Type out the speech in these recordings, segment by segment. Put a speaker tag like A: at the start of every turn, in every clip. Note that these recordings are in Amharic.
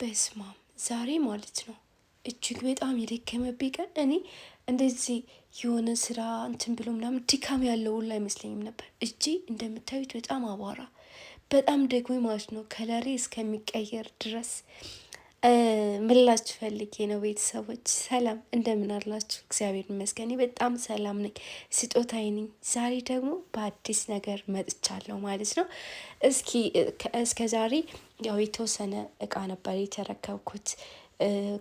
A: በስማም ዛሬ ማለት ነው እጅግ በጣም የደከመብኝ ቀን። እኔ እንደዚህ የሆነ ስራ እንትን ብሎ ምናምን ድካም ያለው ሁላ አይመስለኝም ነበር። እጂ እንደምታዩት በጣም አቧራ፣ በጣም ደግሞ ማለት ነው ከለሬ እስከሚቀየር ድረስ ምላችሁ ፈልጌ ነው ቤተሰቦች፣ ሰላም እንደምን አላችሁ? እግዚአብሔር ይመስገን በጣም ሰላም ነኝ፣ ስጦታዬ ነኝ። ዛሬ ደግሞ በአዲስ ነገር መጥቻለሁ ማለት ነው። እስኪ እስከ ዛሬ ያው የተወሰነ እቃ ነበር የተረከብኩት።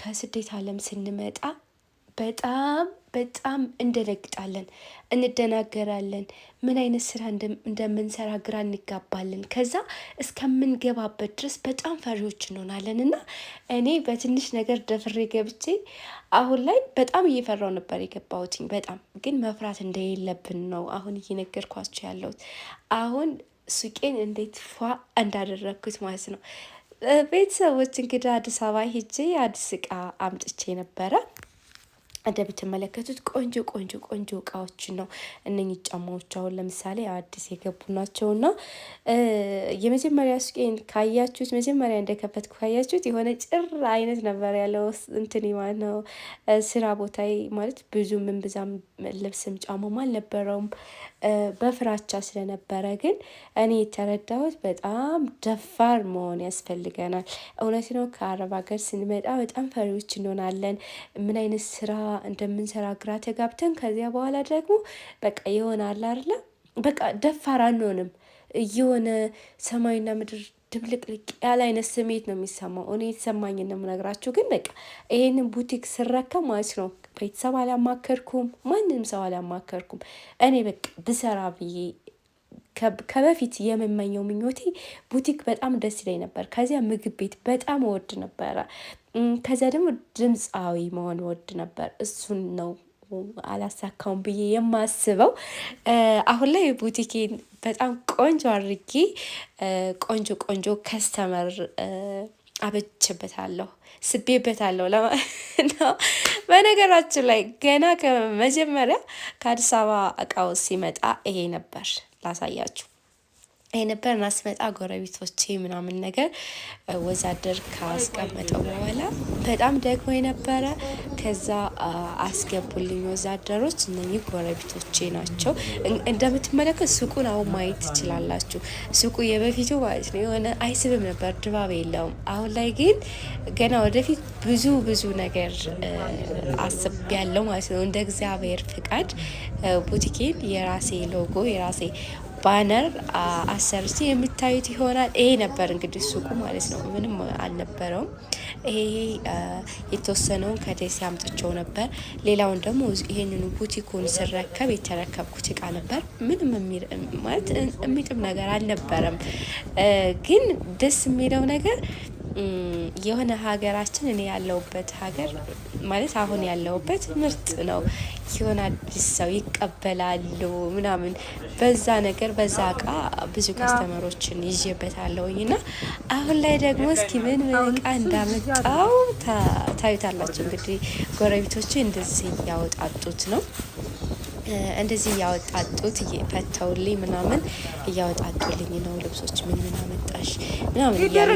A: ከስደት ዓለም ስንመጣ በጣም በጣም እንደነግጣለን እንደናገራለን። ምን አይነት ስራ እንደምንሰራ ግራ እንጋባለን። ከዛ እስከምንገባበት ድረስ በጣም ፈሪዎች እንሆናለን። እና እኔ በትንሽ ነገር ደፍሬ ገብቼ አሁን ላይ በጣም እየፈራው ነበር የገባሁትኝ። በጣም ግን መፍራት እንደሌለብን ነው አሁን እየነገርኳቸው ያለሁት። አሁን ሱቄን እንዴት ፏ እንዳደረግኩት ማለት ነው። ቤተሰቦች እንግዲህ አዲስ አበባ ሄጄ አዲስ እቃ አምጥቼ ነበረ እንደምትመለከቱት ቆንጆ ቆንጆ ቆንጆ እቃዎችን ነው። እነኚህ ጫማዎች አሁን ለምሳሌ አዲስ የገቡ ናቸው እና የመጀመሪያ ሱቄን ካያችሁት መጀመሪያ እንደከፈትኩ ካያችሁት የሆነ ጭር አይነት ነበር ያለው እንትን ነው ስራ ቦታ ማለት ብዙ ምንብዛም ልብስም ጫማም አልነበረውም በፍራቻ ስለነበረ፣ ግን እኔ የተረዳሁት በጣም ደፋር መሆን ያስፈልገናል። እውነት ነው። ከአረብ ሀገር ስንመጣ በጣም ፈሪዎች እንሆናለን። ምን አይነት ስራ እንደምንሰራ ግራ ተጋብተን ከዚያ በኋላ ደግሞ በቃ ይሆናል አይደለ? በቃ ደፋር አንሆንም። የሆነ ሰማይና ምድር ድብልቅልቅ ያለ አይነት ስሜት ነው የሚሰማው። እኔ የተሰማኝ እንደምነግራችሁ ግን በቃ ይሄንን ቡቲክ ስረከብ ማለት ነው ቤተሰብ አላማከርኩም፣ ማንም ሰው አላማከርኩም። እኔ በቃ ብሰራ ብዬ ከበፊት የምመኘው ምኞቴ ቡቲክ በጣም ደስ ይለኝ ነበር። ከዚያ ምግብ ቤት በጣም እወድ ነበረ። ከዚያ ደግሞ ድምፃዊ መሆን እወድ ነበር። እሱን ነው አላሳካውም ብዬ የማስበው። አሁን ላይ ቡቲኬን በጣም ቆንጆ አድርጌ ቆንጆ ቆንጆ ከስተመር አበችበታለሁ፣ ስቤበታለሁ። በነገራችን ላይ ገና ከመጀመሪያ ከአዲስ አበባ እቃው ሲመጣ ይሄ ነበር las hecho. የነበር እና ስመጣ ጎረቤቶቼ ምናምን ነገር ወዛደር ካስቀመጠው በኋላ በጣም ደግሞ የነበረ ከዛ አስገቡልኝ ወዛደሮች። እነኚህ ጎረቤቶቼ ናቸው። እንደምትመለከት ሱቁን አሁን ማየት ትችላላችሁ። ሱቁ የበፊቱ ማለት ነው የሆነ አይስብም ነበር፣ ድባብ የለውም። አሁን ላይ ግን ገና ወደፊት ብዙ ብዙ ነገር አስብ ያለው ማለት ነው እንደ እግዚአብሔር ፍቃድ ቡቲኬን የራሴ ሎጎ የራሴ ባነር አሰርቼ የምታዩት ይሆናል። ይሄ ነበር እንግዲህ ሱቁ ማለት ነው። ምንም አልነበረውም። ይሄ የተወሰነውን ከደሴ አምጥቼው ነበር። ሌላውን ደግሞ ይሄንን ቡቲኩን ስረከብ የተረከብኩት እቃ ነበር። ምንም ማለት የሚጥም ነገር አልነበረም። ግን ደስ የሚለው ነገር የሆነ ሀገራችን እኔ ያለሁበት ሀገር ማለት አሁን ያለውበት ምርጥ ነው። የሆነ አዲስ ሰው ይቀበላሉ ምናምን በዛ ነገር በዛ እቃ ብዙ ከስተመሮችን ይዤበታለሁኝ እና አሁን ላይ ደግሞ እስኪ ምን ምን እቃ እንዳመጣው ታዩታላቸው። እንግዲህ ጎረቤቶች እንደዚህ እያወጣጡት ነው። እንደዚህ እያወጣጡት እየፈተውልኝ ምናምን እያወጣጡልኝ ነው ልብሶች ምን ምን ምናምን እያሉ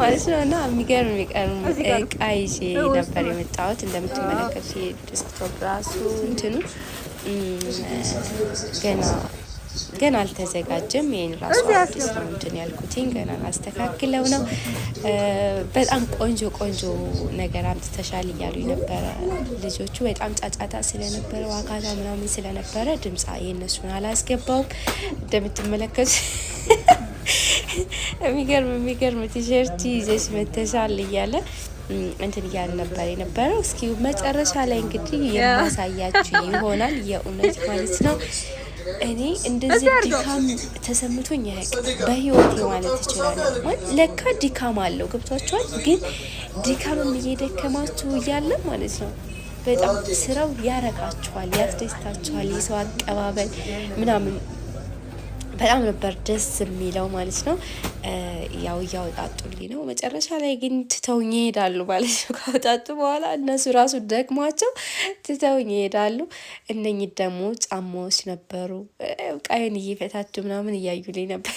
A: ማለት ነው። እና የሚገርም የሚቀርም እቃ ይዤ ነበር የመጣሁት። እንደምትመለከቱ ዴስክቶፕ ራሱ እንትኑ ገና ገና አልተዘጋጀም። ይህን ራሱ አዲስ ነው እንትን ያልኩትኝ ገና አስተካክለው ነው። በጣም ቆንጆ ቆንጆ ነገር አምጥተሻል እያሉ ነበረ ልጆቹ። በጣም ጫጫታ ስለነበረ ዋካታ ምናምን ስለነበረ ድምፃ የእነሱን አላስገባውም። እንደምትመለከቱ የሚገርም የሚገርም ቲሸርት ይዘሽ መተሻል እያለ እንትን እያል ነበር የነበረው። እስኪ መጨረሻ ላይ እንግዲህ የማሳያችሁ ይሆናል የእውነት ማለት ነው። እኔ እንደዚህ ድካም ተሰምቶኝ ያቅ በህይወቴ ማለት እችላለሁ። ለካ ድካም አለው ገብቷቸዋል። ግን ድካምም እየደከማችሁ እያለ ማለት ነው በጣም ስራው ያረካችኋል፣ ያስደስታችኋል፣ የሰው አቀባበል ምናምን በጣም ነበር ደስ የሚለው ማለት ነው። ያው እያወጣጡልኝ ነው። መጨረሻ ላይ ግን ትተውኝ ይሄዳሉ ማለት ነው። ካወጣጡ በኋላ እነሱ ራሱ ደግሟቸው ትተውኝ ይሄዳሉ። እነኚህ ደግሞ ጫማዎች ነበሩ። ቃይን እየፈታቱ ምናምን እያዩልኝ ነበር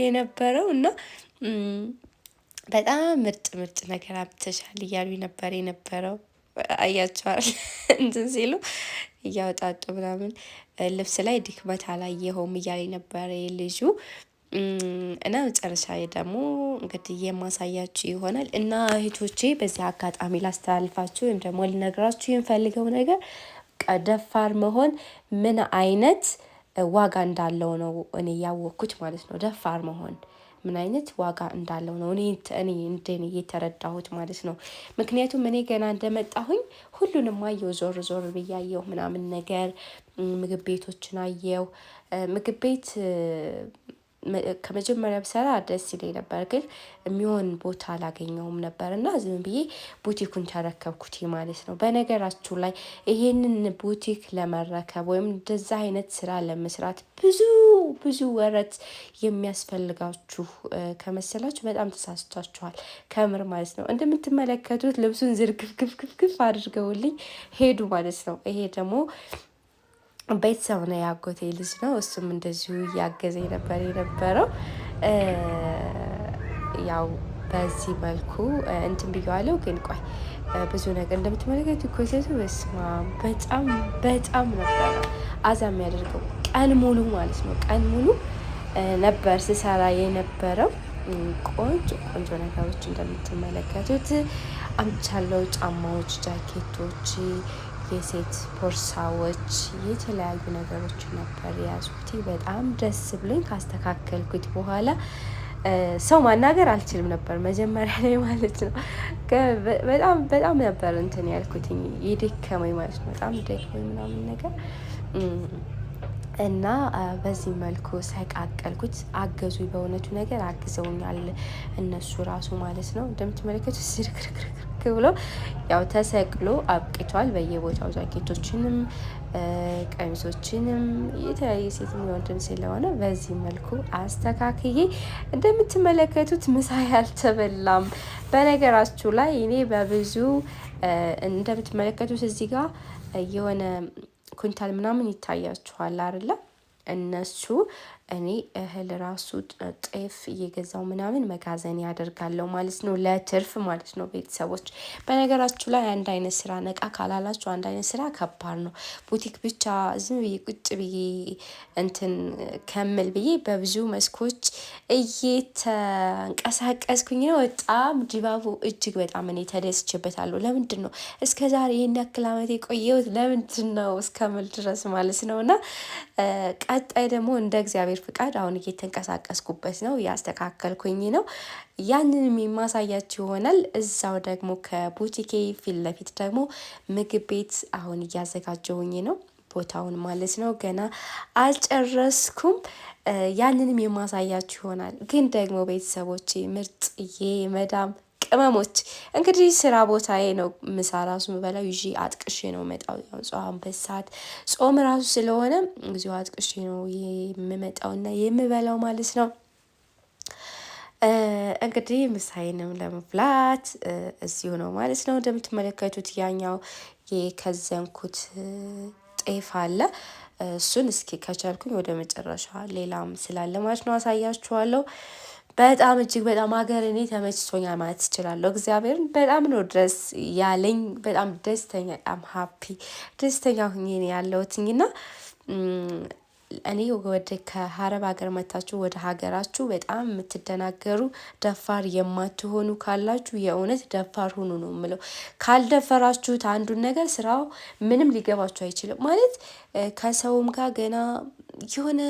A: የነበረው እና በጣም ምርጥ ምርጥ ነገር አብተሻል እያሉ ነበር የነበረው። አያቸዋል እንትን ሲሉ እያወጣጡ ምናምን ልብስ ላይ ድክመት አላየኸውም እያለ ነበረ ልጁ። እና መጨረሻ ደግሞ እንግዲህ የማሳያችሁ ይሆናል። እና እህቶቼ በዚህ አጋጣሚ ላስተላልፋችሁ ወይም ደግሞ ልነግራችሁ የምፈልገው ነገር ደፋር መሆን ምን አይነት ዋጋ እንዳለው ነው እኔ ያወቅኩት ማለት ነው። ደፋር መሆን ምን አይነት ዋጋ እንዳለው ነው እኔ እኔ እንደኔ የተረዳሁት ማለት ነው። ምክንያቱም እኔ ገና እንደመጣሁኝ ሁሉንም አየሁ፣ ዞር ዞር ብያየሁ ምናምን ነገር ምግብ ቤቶችን አየሁ ምግብ ቤት ከመጀመሪያ ብሰራ ደስ ይለኝ ነበር፣ ግን የሚሆን ቦታ አላገኘውም ነበር እና ዝም ብዬ ቡቲኩን ተረከብኩት ማለት ነው። በነገራችሁ ላይ ይሄንን ቡቲክ ለመረከብ ወይም እንደዛ አይነት ስራ ለመስራት ብዙ ብዙ ወረት የሚያስፈልጋችሁ ከመሰላችሁ በጣም ተሳስቷችኋል። ከምር ማለት ነው። እንደምትመለከቱት ልብሱን ዝርግፍግፍግፍ አድርገውልኝ ሄዱ ማለት ነው። ይሄ ደግሞ ቤተሰብ ነው። የአጎቴ ልጅ ነው። እሱም እንደዚሁ እያገዘኝ ነበር የነበረው። ያው በዚህ መልኩ እንትን ብየዋለው። ግን ቆይ ብዙ ነገር እንደምትመለከቱ ኮሴቱ በስማ በጣም በጣም ነበረ አዛ የሚያደርገው ቀን ሙሉ ማለት ነው። ቀን ሙሉ ነበር ስሰራ የነበረው። ቆንጆ ቆንጆ ነገሮች እንደምትመለከቱት አምቻለው፣ ጫማዎች፣ ጃኬቶች የሴት ቦርሳዎች የተለያዩ ነገሮች ነበር የያዝኩት። በጣም ደስ ብሎኝ ካስተካከልኩት በኋላ ሰው ማናገር አልችልም ነበር መጀመሪያ ላይ ማለት ነው። በጣም በጣም ነበር እንትን ያልኩትኝ የደከመኝ ማለት ነው። በጣም ደክሞኝ ምናምን ነገር እና በዚህ መልኩ ሰቃቀልኩት። አገዙ በእውነቱ ነገር አግዘውኛል እነሱ ራሱ ማለት ነው። እንደምትመለከቱ ዝርክርክርክ ብሎ ያው ተሰቅሎ አብቅቷል። በየቦታው ጃኬቶችንም፣ ቀሚሶችንም የተለያየ ሴት የሚወንድም ስለሆነ በዚህ መልኩ አስተካክዬ እንደምትመለከቱት ምሳ ያልተበላም። በነገራችሁ ላይ እኔ በብዙ እንደምትመለከቱት እዚህ ጋር የሆነ ኩንታል ምናምን ይታያችኋል አይደለ? እነሱ እኔ እህል ራሱ ጤፍ እየገዛው ምናምን መጋዘን ያደርጋለሁ ማለት ነው፣ ለትርፍ ማለት ነው። ቤተሰቦች በነገራችሁ ላይ አንድ አይነት ስራ ነቃ ካላላችሁ አንድ አይነት ስራ ከባድ ነው። ቡቲክ ብቻ ዝም ብዬ ቁጭ ብዬ እንትን ከምል ብዬ በብዙ መስኮች እየተንቀሳቀስኩኝ ነው። በጣም ድባቡ እጅግ በጣም እኔ ተደስችበታለሁ። ለምንድን ነው እስከ ዛሬ ይህን ያክል ዓመት የቆየሁት ለምንድን ነው እስከምል ድረስ ማለት ነው። እና ቀጣይ ደግሞ እንደ እግዚአብሔር እግዚአብሔር ፍቃድ አሁን እየተንቀሳቀስኩበት ነው፣ እያስተካከልኩኝ ነው። ያንንም የማሳያችሁ ይሆናል። እዛው ደግሞ ከቡቲኬ ፊት ለፊት ደግሞ ምግብ ቤት አሁን እያዘጋጀሁኝ ነው ቦታውን ማለት ነው። ገና አልጨረስኩም። ያንንም የማሳያችሁ ይሆናል። ግን ደግሞ ቤተሰቦቼ ምርጥ መዳም ቅመሞች እንግዲህ ስራ ቦታዬ ነው። ምሳ ራሱ ምበላው ይዤ አጥቅሼ ነው መጣው። ጾምበት በሳት ጾም ራሱ ስለሆነ እዚሁ አጥቅሼ ነው የምመጣውና የምበላው ማለት ነው። እንግዲህ ምሳዬንም ለመብላት እዚሁ ነው ማለት ነው። እንደምትመለከቱት ያኛው የከዘንኩት ጤፍ አለ። እሱን እስኪ ከቻልኩኝ ወደ መጨረሻ ሌላም ስላለ ማለት ነው አሳያችኋለሁ። በጣም እጅግ በጣም ሀገር እኔ ተመችቶኛል ማለት ይችላለሁ። እግዚአብሔርን በጣም ነው ድረስ ያለኝ በጣም ደስተኛ በጣም ሀፒ ደስተኛ ሁኜ ነው ያለሁትኝ እና እኔ ወደ ከሀረብ ሀገር መታችሁ ወደ ሀገራችሁ በጣም የምትደናገሩ ደፋር የማትሆኑ ካላችሁ የእውነት ደፋር ሁኑ ነው የምለው። ካልደፈራችሁት አንዱን ነገር ስራው ምንም ሊገባችሁ አይችልም ማለት ከሰውም ጋር ገና የሆነ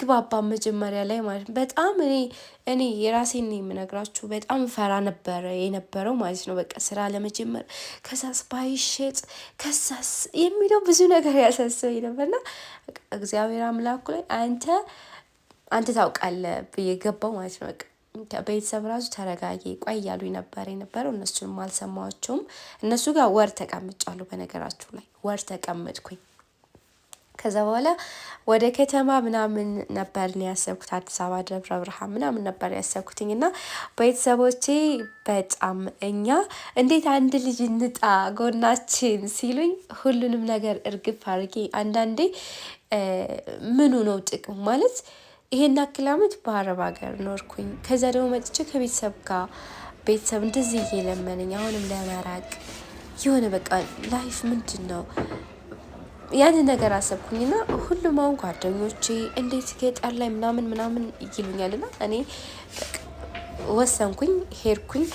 A: ግባባ መጀመሪያ ላይ ማለት በጣም እኔ እኔ የራሴን የምነግራችሁ በጣም ፈራ ነበረ የነበረው ማለት ነው። በቃ ስራ ለመጀመር ከሳስ ባይሸጥ ከሳስ የሚለው ብዙ ነገር ያሳስበኝ ነበርና እግዚአብሔር አምላኩ ላይ አንተ አንተ ታውቃለህ ብዬ ገባው ማለት ነው። በቃ ቤተሰብ ራሱ ተረጋጊ ቆይ እያሉ ነበር የነበረው። እነሱንም አልሰማቸውም። እነሱ ጋር ወር ተቀምጫሉ በነገራችሁ ላይ ወር ተቀመጥኩኝ። ከዛ በኋላ ወደ ከተማ ምናምን ነበር ያሰብኩት። አዲስ አበባ፣ ደብረ ብርሃን ምናምን ነበር ያሰብኩትኝ እና ቤተሰቦቼ በጣም እኛ እንዴት አንድ ልጅ እንጣ ጎናችን ሲሉኝ ሁሉንም ነገር እርግፍ አድርጌ አንዳንዴ ምኑ ነው ጥቅሙ ማለት ይሄን ያክል በአረብ ሀገር ኖርኩኝ። ከዛ ደግሞ መጥቼ ከቤተሰብ ጋር ቤተሰብ እንደዚህ እየለመነኝ አሁንም ለመራቅ የሆነ በቃ ላይፍ ምንድን ነው ያን ነገር አሰብኩኝና ሁሉም አሁን ጓደኞቼ እንዴት ገጠር ላይ ምናምን ምናምን ይሉኛልና እኔ ወሰንኩኝ፣ ሄድኩኝ።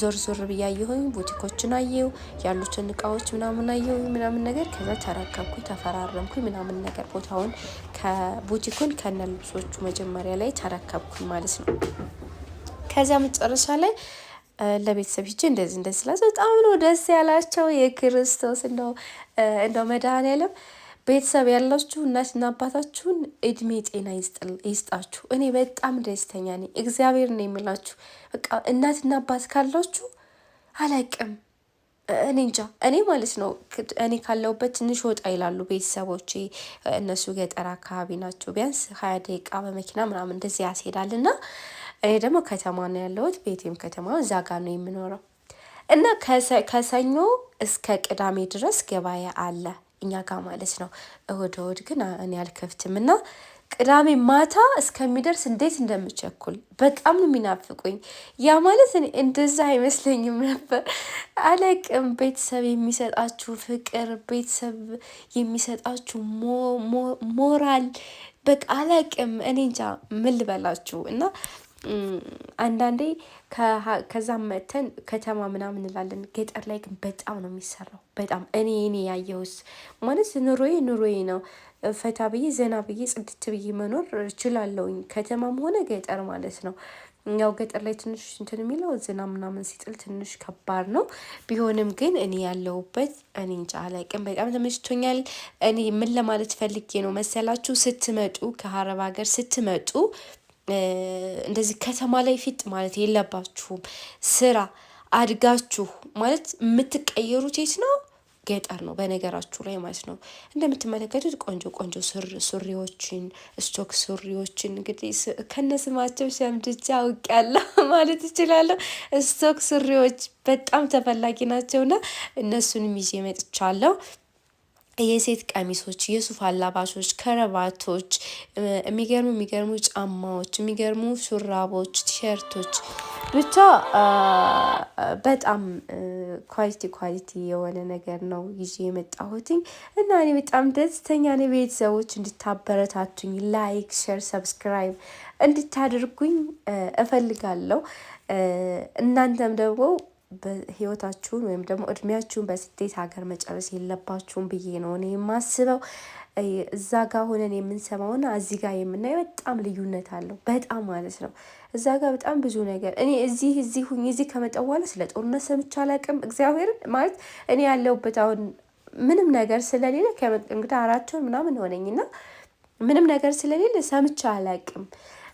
A: ዞር ዞር ብያየሁኝ፣ ቡቲኮችን አየው ያሉትን እቃዎች ምናምን አየው ምናምን ነገር። ከዛ ተረከብኩኝ፣ ተፈራረምኩኝ ምናምን ነገር። ቦታውን ከቡቲኩን ከነ ልብሶቹ መጀመሪያ ላይ ተረከብኩኝ ማለት ነው። ከዚያ መጨረሻ ላይ ለቤተሰብ ሂጄ እንደዚህ እንደዚህ ስላቸው በጣም ነው ደስ ያላቸው። የክርስቶስ እንደው እንደው መድኃኔዓለም ቤተሰብ ያላችሁ እናትና አባታችሁን እድሜ ጤና ይስጣችሁ። እኔ በጣም ደስተኛ ነኝ። እግዚአብሔር ነው የሚላችሁ። በቃ እናትና አባት ካላችሁ አላቅም እኔ እንጃ እኔ ማለት ነው እኔ ካለሁበት ትንሽ ወጣ ይላሉ ቤተሰቦች እነሱ ገጠር አካባቢ ናቸው። ቢያንስ ሀያ ደቂቃ በመኪና ምናምን እንደዚህ ያስሄዳል እና እኔ ደግሞ ከተማ ነው ያለሁት። ቤቴም ከተማ እዛ ጋር ነው የምኖረው እና ከሰኞ እስከ ቅዳሜ ድረስ ገበያ አለ እኛ ጋር ማለት ነው። እሁድ እሁድ ግን እኔ አልከፍትም እና ቅዳሜ ማታ እስከሚደርስ እንዴት እንደምቸኩል በጣም ነው የሚናፍቁኝ። ያ ማለት እንደዛ አይመስለኝም ነበር። አለቅም ቤተሰብ የሚሰጣችሁ ፍቅር፣ ቤተሰብ የሚሰጣችሁ ሞራል፣ በቃ አለቅም። እኔ እንጃ ምን ልበላችሁ እና አንዳንዴ ከዛም መተን ከተማ ምናምን እንላለን፣ ገጠር ላይ ግን በጣም ነው የሚሰራው። በጣም እኔ እኔ ያየውስ ማለት ኑሮዬ ኑሮዬ ነው። ፈታ ብዬ ዘና ብዬ ጽድት ብዬ መኖር እችላለሁኝ፣ ከተማም ሆነ ገጠር ማለት ነው። ያው ገጠር ላይ ትንሽ እንትን የሚለው ዝናብ ምናምን ሲጥል ትንሽ ከባድ ነው። ቢሆንም ግን እኔ ያለሁበት እኔ እንጃ አላውቅም፣ በጣም ተመችቶኛል። እኔ ምን ለማለት ፈልጌ ነው መሰላችሁ ስትመጡ ከሀረብ ሀገር ስትመጡ እንደዚህ ከተማ ላይ ፊጥ ማለት የለባችሁም። ስራ አድጋችሁ ማለት የምትቀየሩት የት ነው? ገጠር ነው በነገራችሁ ላይ ማለት ነው። እንደምትመለከቱት ቆንጆ ቆንጆ ሱሪዎችን ስቶክ ሱሪዎችን እንግዲህ ከነስማቸው ሸምድጃ ያለው ማለት ይችላለሁ። ስቶክ ሱሪዎች በጣም ተፈላጊ ናቸውና እነሱንም ይዤ መጥቻለሁ። የሴት ቀሚሶች፣ የሱፍ አላባሾች፣ ከረባቶች፣ የሚገርሙ የሚገርሙ ጫማዎች፣ የሚገርሙ ሹራቦች፣ ቲሸርቶች ብቻ በጣም ኳሊቲ ኳሊቲ የሆነ ነገር ነው ይዤ የመጣሁትኝ እና እኔ በጣም ደስተኛ ነኝ። ቤተሰቦች እንድታበረታቱኝ ላይክ፣ ሼር፣ ሰብስክራይብ እንድታደርጉኝ እፈልጋለሁ እናንተም ደግሞ ህይወታችሁን ወይም ደግሞ እድሜያችሁን በስደት ሀገር መጨረስ የለባችሁም ብዬ ነው እኔ የማስበው። እዛ ጋር ሆነን የምንሰማውና እዚህ ጋር የምናየው በጣም ልዩነት አለው። በጣም ማለት ነው። እዛ ጋር በጣም ብዙ ነገር እኔ እዚህ እዚህ ሁኝ እዚህ ከመጣሁ በኋላ ስለ ጦርነት ሰምቼ አላውቅም። እግዚአብሔር ማለት እኔ ያለሁበት አሁን ምንም ነገር ስለሌለ እንግዲህ አራቸውን ምናምን ሆነኝና ምንም ነገር ስለሌለ ሰምቼ አላውቅም።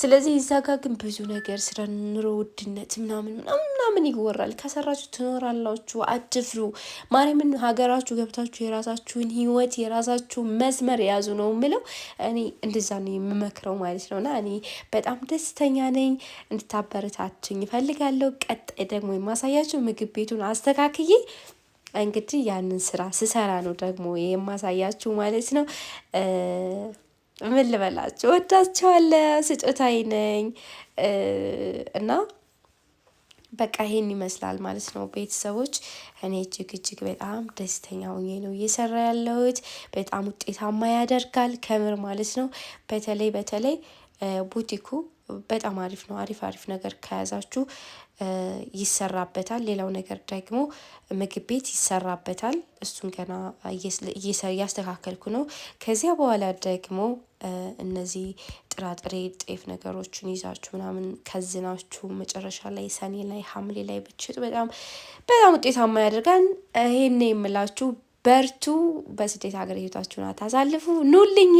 A: ስለዚህ እዛ ጋር ግን ብዙ ነገር ስለ ኑሮ ውድነት ምናምን ምናምን ምናምን ይወራል። ከሰራችሁ ትኖራላችሁ፣ አትፍሩ። ማርያምን ሀገራችሁ ገብታችሁ የራሳችሁን ህይወት የራሳችሁ መስመር የያዙ ነው የምለው እኔ እንደዛ ነው የምመክረው ማለት ነውና እኔ በጣም ደስተኛ ነኝ። እንድታበረታችኝ ይፈልጋለሁ። ቀጣይ ደግሞ የማሳያችሁ ምግብ ቤቱን አስተካክዬ እንግዲህ ያንን ስራ ስሰራ ነው ደግሞ የማሳያችሁ ማለት ነው። ምን ልበላችሁ፣ ወዳቸዋለሁ። ስጦታዬ ነኝ እና በቃ ይሄን ይመስላል ማለት ነው ቤተሰቦች። እኔ እጅግ እጅግ በጣም ደስተኛ ሆኜ ነው እየሰራ ያለሁት። በጣም ውጤታማ ያደርጋል ከምር ማለት ነው። በተለይ በተለይ ቡቲኩ በጣም አሪፍ ነው። አሪፍ አሪፍ ነገር ከያዛችሁ ይሰራበታል። ሌላው ነገር ደግሞ ምግብ ቤት ይሰራበታል። እሱን ገና እያስተካከልኩ ነው። ከዚያ በኋላ ደግሞ እነዚህ ጥራጥሬ ጤፍ ነገሮችን ይዛችሁ ምናምን ከዝናችሁ መጨረሻ ላይ ሰኔ ላይ ሐምሌ ላይ ብችት በጣም በጣም ውጤታማ ያደርጋል። ይሄን የምላችሁ በርቱ። በስደት ሀገር ህይወታችሁን አታሳልፉ። ኑልኝ